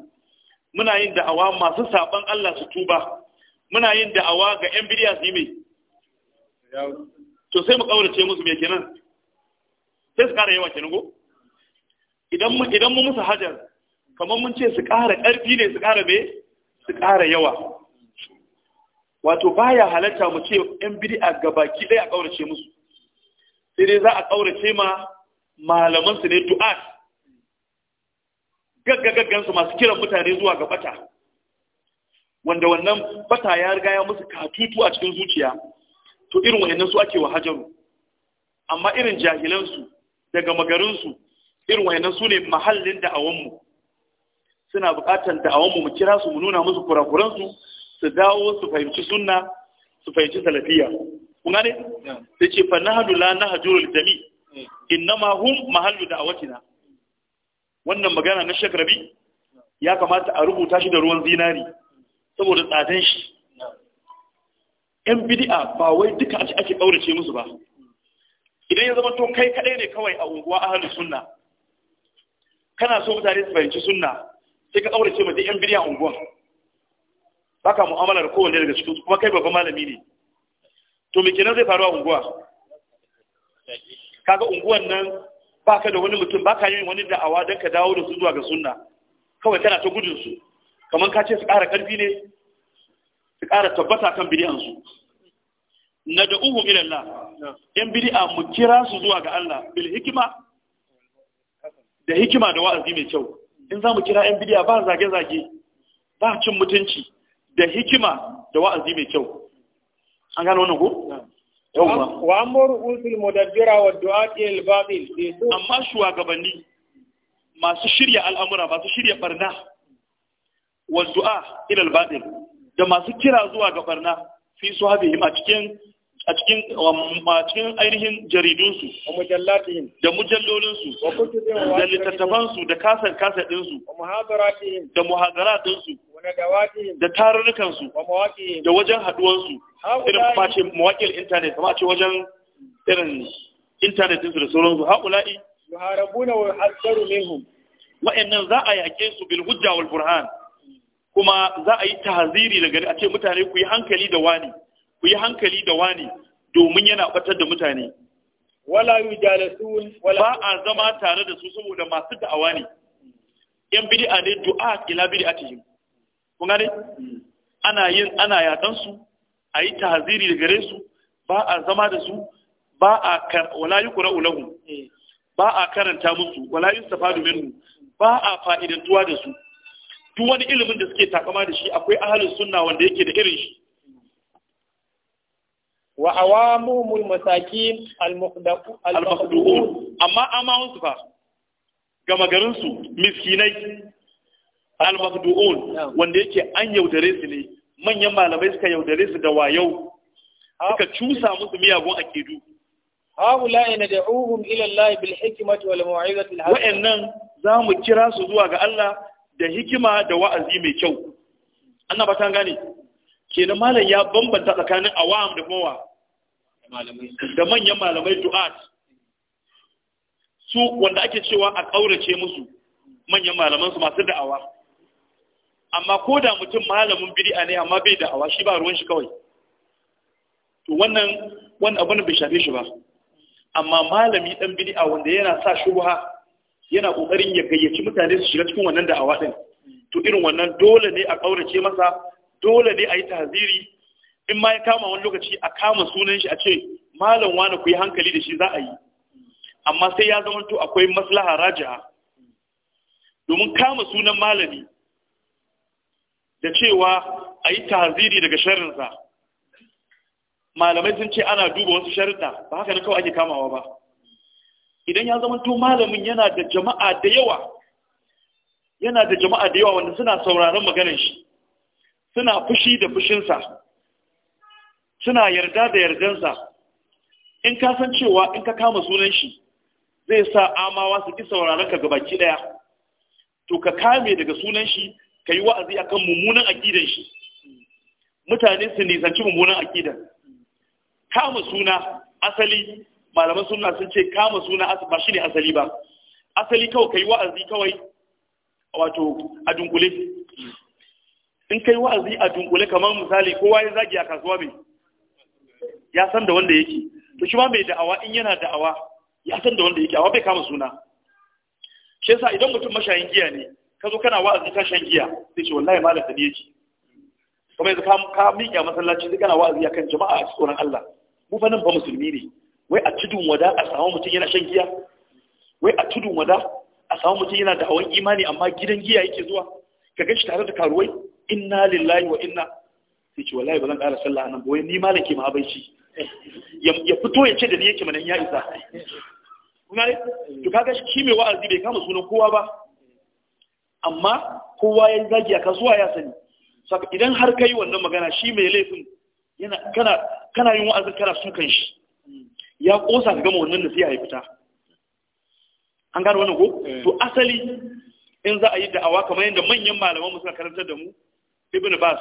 muna yin da'awa masu saban Allah su tuba muna yin da'awa ga yan bidiya su yi mai to sai mu kaurace musu me kenan sai su kara yawa kenan go idan mu idan mu musu hajar kamar mun ce su kara karfi ne su kara me su kara yawa wato baya halatta mu ce yan bid'a gabaki ɗaya a kaurace musu sai dai za a kaurace ma malaman su ne du'at gaggagaggan su masu kiran mutane zuwa ga bata wanda wannan bata ya riga ya musu katutu a cikin zuciya to irin wayannan su ake wa hajaru amma irin jahilan daga magarin su irin wayannan su ne mahallin da'awan mu suna buƙatar da'awan mu mu kira su mu nuna musu kurakuran su su dawo su fahimci sunna su fahimci salafiya kun gane sai ce fa nahdu la nahjurul jami' Inna ma hum mahallu da'watina wannan magana na shakrabi ya kamata a rubuta shi da ruwan zinari saboda tsadan shi yan bid'a ba wai duka ci ake kaurace musu ba idan ya zama to kai kadai ne kawai a unguwa ahlus sunna kana so mutane su fahimci sunna sai ka kaurace mata yan bid'a unguwan baka mu'amala da kowanne daga cikin kuma kai babban malami ne to me kenan zai faru a unguwa kaga unguwan nan baka da wani mutum baka yin wani da'awa don ka dawo da su zuwa ga sunna kawai kana ta gudun su kamar ka ce su ƙara ƙarfi ne su ƙara tabbata kan bidiyan su na da uhu ilallah yan bidi'a mu kira su zuwa ga Allah bil hikima da hikima da wa'azi mai kyau in za mu kira yan bidi'a ba zage-zage ba cin mutunci da hikima da wa'azi mai kyau an gano wannan ko wa amur usul mudabbira wa du'ati al-batil amma shugabanni masu shirya al'amura masu shirya barna wa du'a ila al-batil da masu kira zuwa ga barna fi su habihim a cikin a cikin um, a cikin ainihin jaridunsu wa mujallatihim da mujallolinsu da littattafansu da kasar kasar ɗinsu da muhadaratihim da muhadaratihim da tarurrukansu da wajen haduwansu irin face mawakil intanet kama ce wajen irin intanet su da sauransu haƙula'i yuharabuna wa hasaru minhum wa'annan za a yaƙe su bil hujja wal burhan kuma za a yi tahziri daga a ce mutane ku yi hankali da wani ku yi hankali da wani domin yana batar da mutane wala yujalasun wala ba a zama tare da su saboda masu da'awa ne yan bid'a ne du'a ila bid'atihim kun gane ana yin ana su a yi tahaziri da gare su ba a zama da su ba a kar wala ulahu ba a karanta musu wala yustafadu minhu ba a fa'idantuwa da su duk wani ilimin da suke takama da shi akwai ahalin sunna wanda yake da irin shi wa awamumul masakin al-maqduun amma amma su fa gama garin su miskinai al maqduun wanda yake an yaudare su ne manyan malamai suka yaudare su da wayau suka cusa musu miyagun akidu haula ina da'uhum ila Allah bil hikmati wal mau'izati al wa'annan zamu kira su zuwa ga Allah da hikima da wa'azi mai kyau annaba ta gane kenan malam ya bambanta tsakanin awam da mawa da manyan malamai du'at su wanda ake cewa a kaurace musu manyan malaman su masu da'awa amma ko da mutum malamin bid'a ne amma bai da awa shi ba ruwan shi kawai to wannan wannan abin bai shafe shi ba amma malami dan bid'a wanda yana sa shubha yana kokarin ya gayyaci mutane su shiga cikin wannan da'awa din to irin wannan dole ne a kaurace masa dole ne a yi tahziri in ma ya kama wani lokaci a kama sunan shi a ce malam wani ku yi hankali da shi za a yi amma sai ya zama to akwai maslaha raja'a domin kama sunan malami da cewa a yi taziri daga sharrinsa malamai sun ce ana duba wasu sharrinta ba haka na kawai ake kamawa ba idan ya zama to malamin yana da jama'a da yawa yana da jama'a da yawa wanda suna sauraron maganar shi suna fushi da fushinsa suna yarda da yardansa in ka san cewa in ka kama sunan shi zai sa amawa su ki sauraron ka gabaki daya to ka kame daga sunan shi ka yi wa'azi akan mummunan aƙidan shi mutane su nisanci mummunan aƙidan kama suna asali malaman suna sun ce kama suna ba shi ne asali ba asali kawai ka yi wa'azi kawai wato a dunkule in ka yi wa'azi a dunkule kamar misali kowa ya zagi a kasuwa mai ya san da wanda yake to shi ma mai da'awa in yana da'awa ya san da wanda yake awa bai kama suna shi yasa idan mutum mashayin giya ne ka zo kana wa'azi ka shan giya sai ce wallahi malam da ne yake kuma yanzu ka miƙa masallaci sai kana wa'azi akan jama'a a cikin Allah mu fa nan ba musulmi ne wai a tudun wada a samu mutum yana shan giya wai a tudun wada a samu mutum yana da hawan imani amma gidan giya yake zuwa ka gashi tare da karuwai inna lillahi wa inna sai ce wallahi ba zan ƙara sallah nan ba wai ni malam ke ma abinci ya fito ya ce da ni yake mana ya isa kuma ne to kaga shi me wa'azi bai kama sunan kowa ba amma kowa ya zagi a kasuwa ya sani saboda idan har ka yi wannan magana shi mai laifin yana kana yin wa'azin kana kan shi ya kosa ka gama wannan nasiha ya fita an gano wannan ko eh. to asali in za a yi da'awa kamar yadda manyan malaman mu suka karantar da mu ibn bas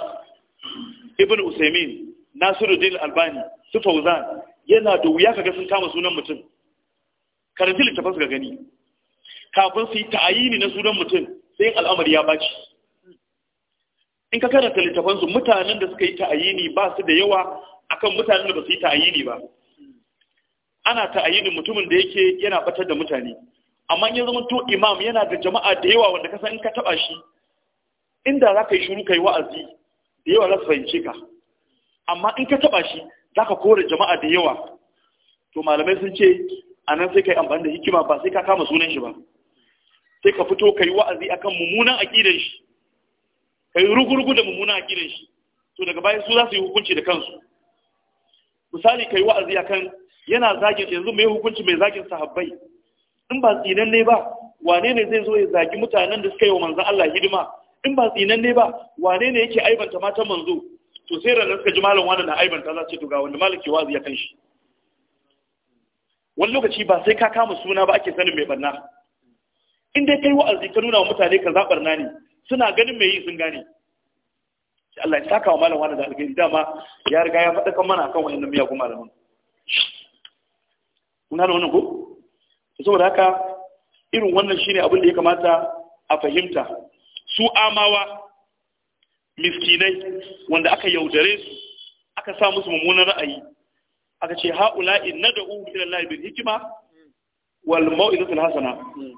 ibn usaimin nasiruddin albani su fauzan yana da wuya kaga sun kama sunan mutum karanci littafin su ga gani kafin su yi ta'ayini na sunan mutum sai al'amari ya baci in ka karanta littafansu mutanen da suka yi ta'ayini ba su da yawa akan mutanen da ba su yi ta'ayini ba ana ta'ayini mutumin da yake yana batar da mutane amma ya zama to imam yana da jama'a da yawa wanda ka in ka taba shi inda za ka yi shuru ka yi wa'azi da yawa za su fahimce ka amma in ka taba shi za ka kore jama'a da yawa to malamai sun ce a nan sai ka yi amfani da hikima ba sai ka kama sunan shi ba sai ka fito ka yi wa'azi akan mummunan aƙidan shi ka yi rugurugu da mummunan aƙidan shi to daga bayan su za su yi hukunci da kansu misali ka yi wa'azi akan yana zagin yanzu mai hukunci mai zagin sahabbai in ba tsinan ne ba wane ne zai zo ya zagi mutanen da suka yi wa manzan Allah hidima in ba tsinan ne ba wane ne yake aibanta matan manzo to sai ranar suka ji malam wani na aibanta za ce to ga wanda malam ke wa'azi akan shi wani lokaci ba sai ka kama suna ba ake sanin mai barna in dai kai wa'azi ka nuna wa mutane ka zaɓar na ne suna ganin mai yi sun gane shi Allah ya saka wa malam wani da alheri dama ya riga ya faɗa kan mana kan wayannan miyagun malaman kun gane wannan ko saboda haka irin wannan shine abin da ya kamata a fahimta su amawa miskinai wanda aka yaudare su aka sa musu mummunan ra'ayi aka ce ha'ula'i nad'u ila Allah bil hikma wal mau'izatul hasana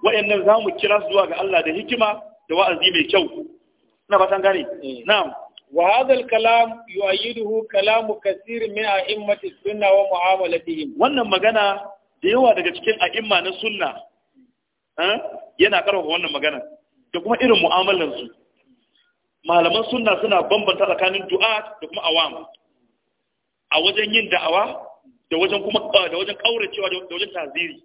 za hmm. zamu kira su zuwa ga Allah da hikima da wa'azi mai kyau ina fatan gane hmm. na'am wa hadha al kalam yu'ayyiduhu kalamu kaseer min a'immati sunna wa mu'amalatihim wannan magana da yawa daga cikin a'imma na sunna eh, yana karfafa wannan magana da kuma irin mu'amalar su malaman sunna suna bambanta tsakanin du'a da kuma awam a wajen yin da'awa da wajen kuma da wajen kauracewa da wajen taziri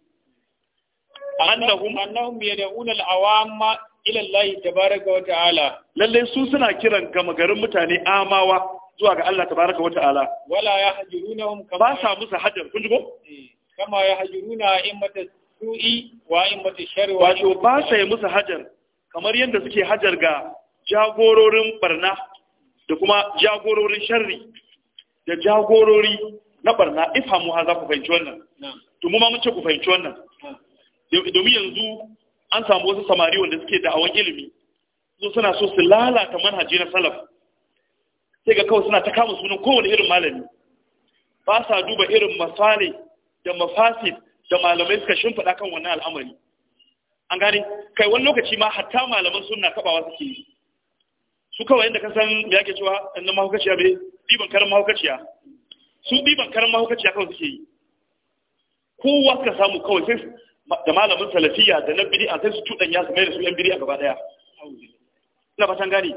annahum annahum yad'una al-awamma ila Allah tabaraka wa ta'ala lalle su suna kiran gama garin mutane amawa zuwa ga Allah tabaraka wa ta'ala wala yahjurunahum kama ba sa musu hajar kun jigo eh, kama yahjuruna immata su'i wa immata sharri wa wato ba sa yi musu hajar kamar yadda suke hajar ga jagororin barna da kuma jagororin sharri da jagorori na barna ifamu ha za ku fahimci wannan to mu ma mun ce ku fahimci wannan domin yanzu an samu wasu samari wanda suke da'awan ilimi su suna so su lalata manhaji na salaf sai ga kawai suna ta kama sunan kowane irin malami ba sa duba irin masale da mafasid da malamai suka shimfiɗa kan wannan al'amari an gane kai wani lokaci ma hatta malaman suna tabawa suke yi su kawai yadda ka san me yake cewa annan mahaukaciya bai diban karan mahaukaciya su diban karan mahaukaciya kawai suke yi kowa suka samu kawai sai da malamin salafiya da na bid'a sai su cuɗanya su mai da su yan a gaba daya ina fatan gane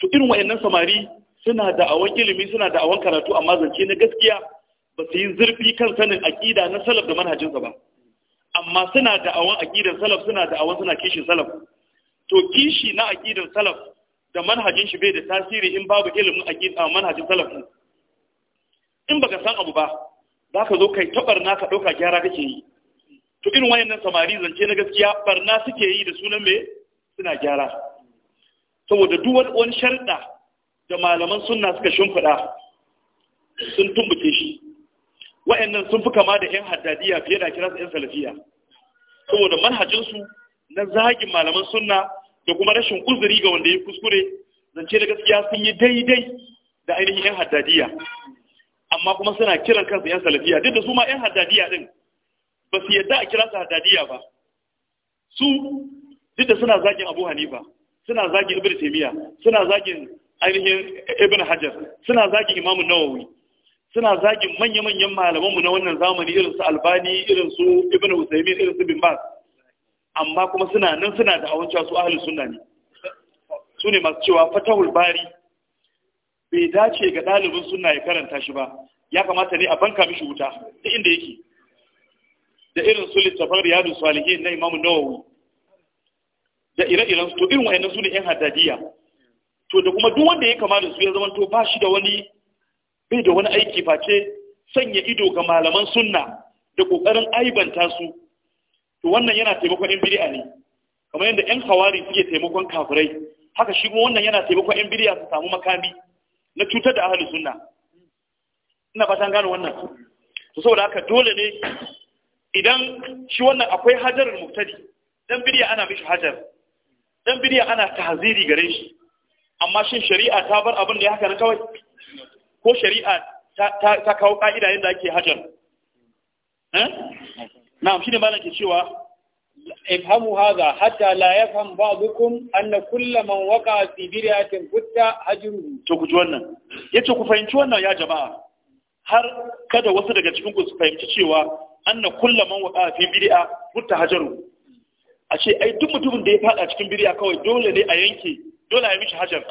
to irin wayannan samari suna da awon ilimi suna da awon karatu amma zance na gaskiya ba su yi zurfi kan sanin aƙida na salaf da manhajinsa ba amma suna da awon aƙidar salaf suna da awon suna kishin salaf to kishi na aƙidar salaf da manhajin shi bai da tasiri in babu ilimin aƙidar manhajin salaf in baka san abu ba za ka zo kai tabar naka ka ɗauka gyara kake yi to irin wayannan samari zance na gaskiya barna suke yi da sunan me suna gyara saboda duk wani sharda da malaman sunna suka shimfiɗa sun tumbuce shi wayannan sun fi kama da yan haddadiya fiye da kira su yan salafiya saboda manhajinsu na zagin malaman sunna da kuma rashin uzuri ga wanda ya kuskure zance na gaskiya sun yi daidai da ainihin yan haddadiya amma kuma suna kiran kansu yan salafiya duk da su ma yan haddadiya din ba su yadda a kira su hadadiyya ba su duk da suna zagin abu hanifa suna zagin ibn taimiyya suna zagin ainihin ibn hajar suna zagin imamu nawawi suna zagin manya-manyan malamanmu na wannan zamani irin su albani irin su ibn usaimin irin su bin amma kuma suna nan suna da awancewa su ahalin sunna ne su ne masu cewa fatahul bari bai dace ga ɗalibin sunna ya karanta shi ba ya kamata ne a banka mishi wuta ta inda yake da irin su littafan riyadu salihi na imamu nawawi da ire-iren su to irin wayannan su ne yan haddadiya to da kuma duk wanda ya kama da su ya zama to ba shi da wani bai da wani aiki face sanya ido ga malaman sunna da kokarin aibanta su to wannan yana taimakon yan bid'a ne kamar yadda yan hawari suke taimakon kafirai haka shi kuma wannan yana taimakon yan bid'a su samu makami na cutar da ahli sunna ina fatan gano wannan to saboda haka dole ne idan shi wannan akwai hajarar muktadi dan bidiya ana mishi hajar dan bidiya ana tahziri gare shi amma shin shari'a ta bar abin da ya haka na kawai ko shari'a ta kawo ka'ida yadda ake hajar eh? na'am ne malam ke cewa ifhamu hadha hatta la yafham ba'dukum anna kullu man waqa'a fi bid'atin mutta hajru to ku ji wannan yace ku fahimci wannan ya jama'a har kada wasu daga cikin ku su fahimci cewa anna kullu man waqa fi bid'a mutahajaru a ce ai duk mutumin da ya fada cikin bid'a kawai dole ne a yanke dole a yi mishi hajar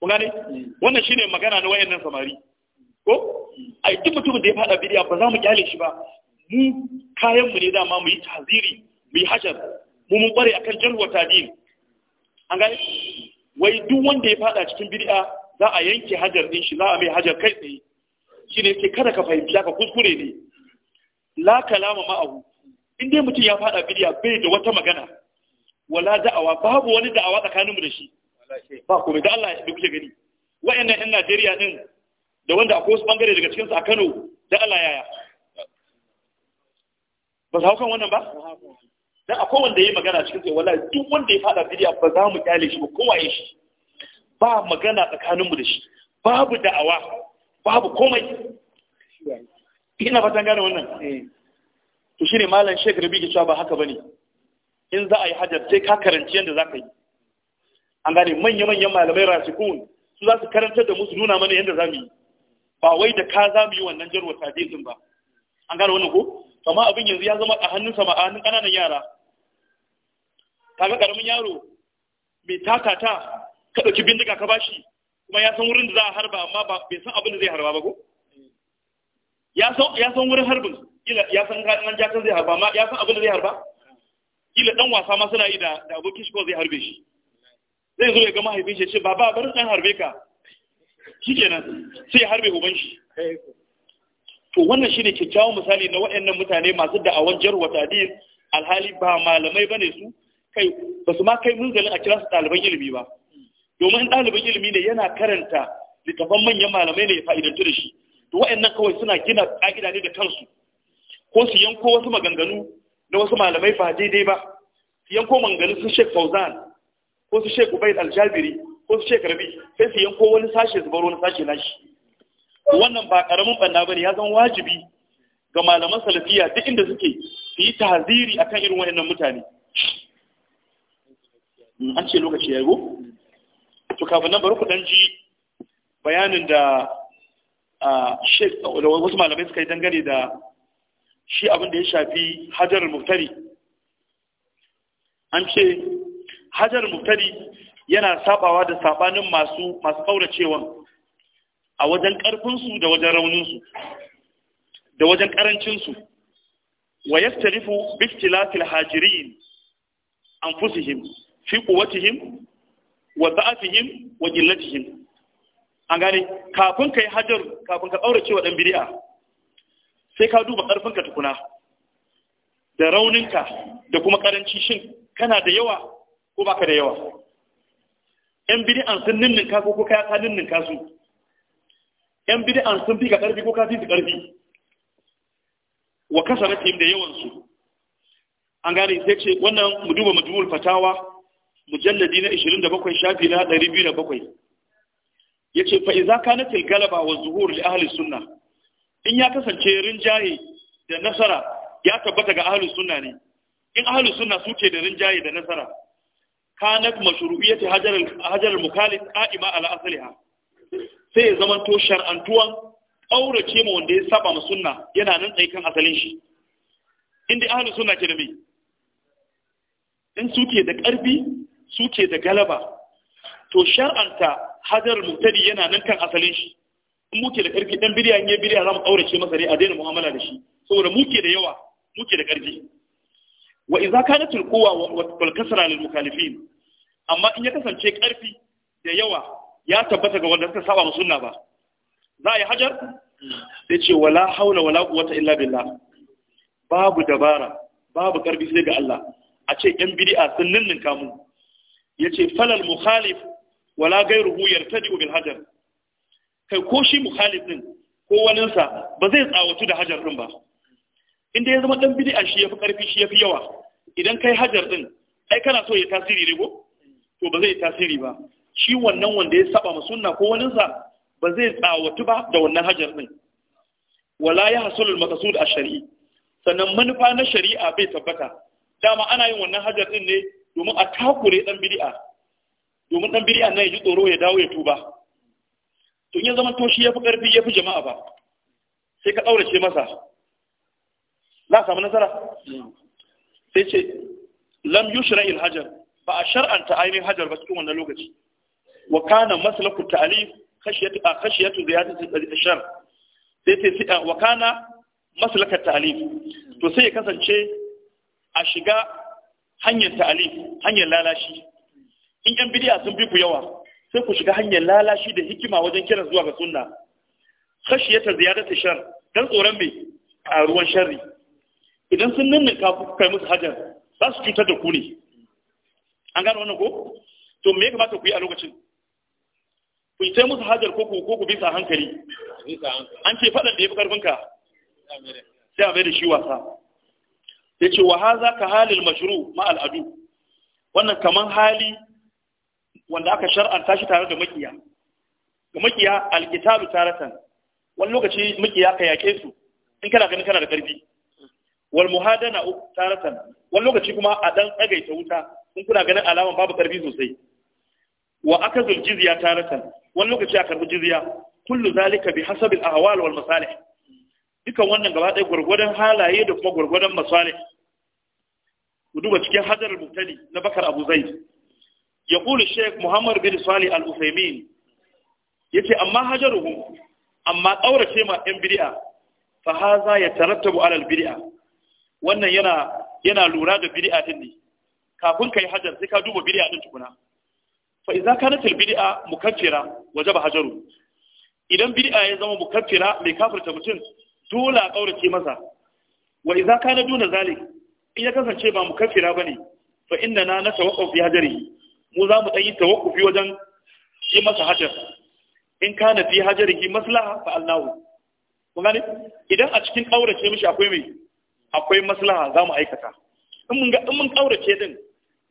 kun gane wannan shine magana na wayannan samari ko ai duk mutumin da ya fada bid'a ba za mu kyale shi ba mu kayan mu ne dama mu yi taziri mu yi hajar mu mun bare akan jarwa tadin an gane wai duk wanda ya fada cikin bid'a za a yanke hajar din shi za a mai hajar kai tsaye shine yake kada ka fahimci ka kuskure ne la kalama ma'ahu in dai mutum ya fada bidiya bai da wata magana wala da'awa babu wani da'awa tsakaninmu da shi ba komai da Allah da kuke gani wayannan yan Najeriya din da wanda akwai wasu bangare daga cikin su a Kano da Allah yaya ba za kan wannan ba dan akwai wanda yayi magana cikin sai wallahi duk wanda ya fada bidiya ba za mu kyale shi ba kowa yi shi ba magana tsakaninmu da shi babu da'awa babu komai ina fatan gane wannan eh. to shine malam Sheikh Rabi ke cewa ba haka bane in za a yi hajar sai ka karanci yanda zaka yi an gane manya manyan malamai rasikun su za su karanta da musu nuna mana yanda zamu yi ba wai da ka zamu yi wannan jarwa din ba an gane wannan ko amma abin yanzu ya zama a hannun sama a hannun kananan yara kaga karamin yaro mai takata ka dauki bindiga ka bashi kuma ya san wurin da za a harba amma bai san abin da zai harba ba ko ya san wurin harbin ya san ranar jakan zai harba ma ya san abin da zai harba kila dan wasa ma suna yi da abokin shi ko zai harbe shi zai zo ya ga mahaifin shi ya ba ba bari dan harbe ka shikenan sai ya harbe uban shi to wannan shine kyakkyawan misali na waɗannan mutane masu da'awan jarwa tadis alhali ba malamai bane su kai ba su ma kai munzalin a kira su ɗaliban ilimi ba domin ɗaliban ilimi ne yana karanta littafan manyan malamai ne ya fa'idantu da shi to wa'annan kawai suna gina ƙa'ida ne da kansu ko su yanko wasu maganganu na wasu malamai ba daidai ba su yanko maganganu sun shek Fauzan ko su shek ubaid aljabiri, ko su shek Rabi sai su yanko wani sashe su baro wani sashe nashi wannan ba karamin banna bane ya zama wajibi ga malaman salafiya duk inda suke su yi tahziri akan irin wa'annan mutane an ce lokaci ya yi go to kafin nan bari ku dan ji bayanin da da wasu malamai suka yi dangane da shi abin da ya shafi hajar muktari an ce hajar muktari yana sabawa da sabanin masu masu kauracewa a wajen karfinsu da wajen rauninsu da wajen karancinsu wa yastarifu bi filhajiriyin an anfusihim fi kuwatihim wa za'afihim wa gillatihim an gane kafin ka yi hajjar kafin ka ƙaura cewa ɗan biri'a sai ka duba ƙarfinka tukuna da rauninka da kuma ƙaranci shin kana da yawa ko ba ka da yawa yan biri'an sun ninninka ko ko ka ninninka su yan biri'an sun fi ka ƙarfi ko ka fi su ƙarfi wa na da yawan su an gane sai ce wannan mu duba majmu'ul fatawa mujalladi na 27 shafi na 207 yace fa idza kanat al-galaba wa zuhur li ahli sunna in ya kasance rinjaye da nasara ya tabbata ga ahli sunna ne in ahli sunna suke da rinjaye da nasara kanat mashru'iyyati hajar hajar al-mukallaf qa'ima ala asliha sai ya to shar'antuwan aurace mu wanda ya saba ma sunna yana nan tsaikan asalin shi inda ahli sunna ke da mai in suke da karfi suke da galaba to shar'anta hajar mutadi yana nan kan asalin shi in muke da karfi dan bidiya in ya bidiya za mu aurace masa ne a daina mu'amala da shi saboda muke da yawa muke da karfi wa idza kanat al quwa wal kasra lil mukhalifin amma in ya kasance karfi da yawa ya tabbata ga wanda suka saba mu sunna ba za a yi hajar sai ce wala haula wala quwwata illa billah babu dabara babu karfi sai ga Allah a ce yan bid'a sun ninninka mu yace falal mukhalif wala gairuhu yartadi bil hajar kai ko shi mukhalifin ko waninsa ba zai tsawatu da hajar din ba inda ya zama dan bid'a shi yafi karfi shi yafi yawa idan kai hajar din ai kana so ya tasiri ne ko to ba zai tasiri ba shi wannan wanda ya saba sunna ko waninsa ba zai tsawatu ba da wannan hajar din wala ya al maqsud al shari sannan manufa na shari'a bai tabbata dama ana yin wannan hajar din ne domin a takure dan bid'a domin dan bid'a annan ya ji tsoro ya dawo ya tuba to in ya zama to shi ya yafi karfi fi jama'a ba sai ka aurace masa Za a samu nasara sai ce lam yushra al hajar ba a shar'anta ainihin hajar ba cikin wannan lokaci wa kana maslaku ta'alif khashiyatu khashiyatu ziyadati al-shar sai ce wa kana maslaka ta'alif to sai ya kasance a shiga hanyar ta'alif hanyar lalashi in yan bidiya sun fi ku yawa sai ku shiga hanyar lalashi da hikima wajen kiran zuwa ga sunna khashiyata ziyadati shar dan tsoron me a ruwan sharri idan sun ninninka ku kai musu hajar za su cutar da ku ne an gano wannan ko to me ya kamata ku yi a lokacin ku yi musu hajar ko ku ko ku bisa hankali an ce faɗan da ya fi ƙarfinka sai a bai da shi wasa ya ce wa haza ka halin mashru ma al'adu wannan kaman hali wanda aka shar'anta shi tare da makiya ga makiya alkitabu taratan wani lokaci makiya ka yaƙe su in kana ganin kana da ƙarfi wal muhadana taratan wani lokaci kuma a dan tsagaita wuta in kuna ganin alaman babu ƙarfi sosai wa akazul jizya taratan wani lokaci a karbi jizya kullu zalika bi hasabil ahwal wal masalih dukan wannan gaba ɗaya gwargwadon halaye da kuma gwargwadon masalih ku duba cikin hadar mutali na bakar abu zaid ya kula sheik muhammad bin sali al-usaimin ya ce amma hu amma ƙaurace ma 'yan bidi'a fa haza ya tarattabu alal bidi'a wannan yana yana lura da bidi'a din ne kafin yi hajar sai ka duba bidi'a din tukuna fa ka na til bidi'a mukaffira wajaba hajaru idan bidi'a ya zama mukaffira mai kafirta mutum dole a ƙaurace masa wa idza kana duna zalik in ya kasance ba mukaffira bane fa inna na natawaqqaf fi hajarihi mu za mu ɗan yi tawakkufi wajen yi masa hajar in kana fi yi maslaha fa Allahu kun gane idan a cikin ƙaurace mishi akwai mai akwai maslaha za mu aikata in mun ga in mun ƙaurace din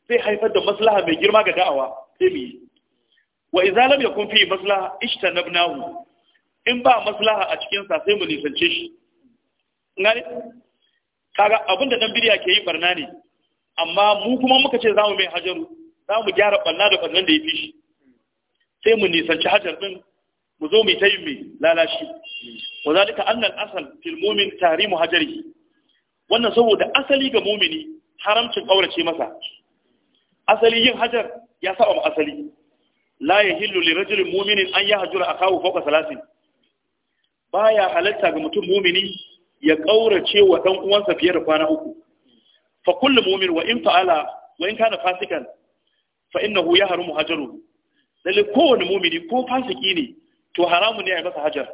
zai haifar da maslaha mai girma ga da'awa sai mu yi wa idza lam yakun fi maslaha ishtanabnahu in ba maslaha a cikin sa sai mu nisance shi gane kaga abinda dan bidiya ke yi barna ne amma mu kuma muka ce za mu mai hajaru za mu gyara ɓanna da ɓannan da ya fi shi sai mu nisanci hajar ɗin mu zo mu ta yin mai lalashi wa zalika annal asal fil mumin tahrimu hajari wannan saboda asali ga mumini haramcin kaurace masa asali yin hajar ya saba ma asali la yahillu li rajulin muminin an yahjura akahu fawqa salasin baya halatta ga mutum mumini ya kaurace wa dan uwansa fiye da kwana uku fa kullu mumin wa in fa'ala wa in kana fasikan fa innahu ya haramu hajaru lalle kowane mumini ko fasiki ne to haramu ne a masa hajar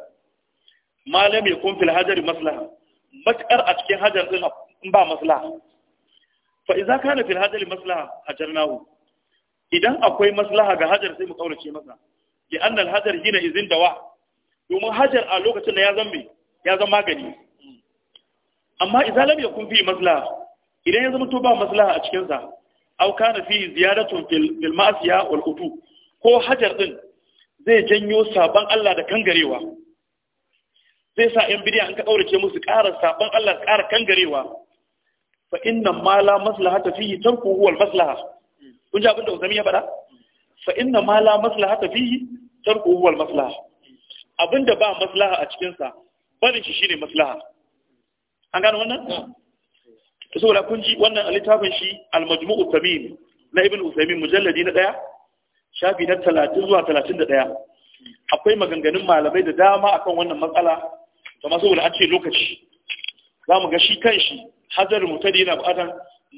malam ya kun fil hajari maslaha matkar a cikin hajar din in ba maslaha fa idza kana fil hajari maslaha hajarnahu idan akwai maslaha ga hajar sai mu kaurace masa li annal hajar hina izin da wa. domin hajar a lokacin da ya zambe ya zama magani amma idza lam yakun fi maslaha idan ya zama to ba maslaha a cikin sa aw kana fi ziyadatun fil ma'siya wal utu ko hajar din zai janyo saban Allah da kangarewa zai sa yan bidiya an ka kaurace musu ƙara saban Allah ƙara kangarewa fa inna ma la maslahata fihi tarku huwa al maslaha kun ji abin da Usaimi ya faɗa fa inna ma la maslahata fihi tarku huwa al maslaha abinda ba maslaha a cikin sa barin shi shine maslaha an gano wannan to saboda kun ji wannan a littafin shi al-majmu'u tamim na ibn usaymin mujalladi na daya shafi na 30 zuwa 31 akwai maganganun malamai da dama akan wannan matsala ma saboda an ce lokaci za mu ga shi kanshi hadar mutadi yana buƙatar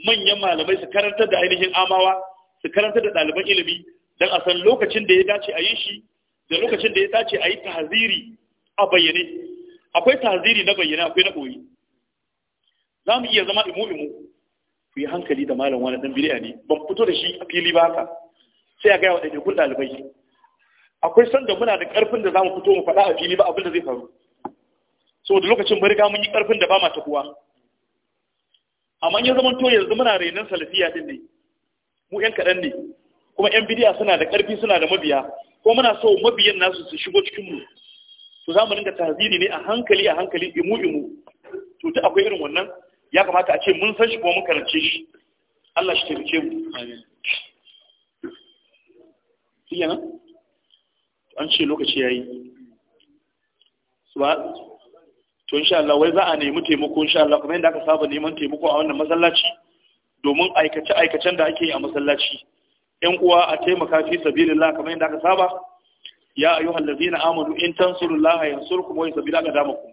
manyan malamai su karantar da ainihin amawa su karantar da ɗaliban ilimi dan a san lokacin da ya dace a yi shi da lokacin da ya dace a yi tahziri a bayyane akwai tahziri na bayyane akwai na boye za mu iya zama imu imu ku yi hankali da malam wani dan bid'a ne ban fito da shi a fili ba haka sai a gaya wa kun ɗalibai akwai sanda muna da ƙarfin da za mu fito mu faɗa a fili ba abinda da zai faru saboda lokacin bari ga mun yi ƙarfin da ba ma tafuwa amma ya zama to yanzu muna renon salafiya din ne mu yan kaɗan ne kuma yan bidiya suna da ƙarfi suna da mabiya ko muna so mabiyan nasu su shigo cikin mu to za mu ringa tahziri ne a hankali a hankali imu imu to akwai irin wannan ya kamata a ce mun san shi kuma mun karance shi Allah shi taimake mu amin yana an ce lokaci yayi ba to insha Allah wai za a nemi taimako insha Allah kuma yadda aka saba neman taimako a wannan masallaci domin aikace aikacen da ake yi a masallaci yan uwa a taimaka fi sabilillah kamar yadda aka saba ya ayyuhallazina amanu in tansurullaha yansurkum wa yusabbilaka damakum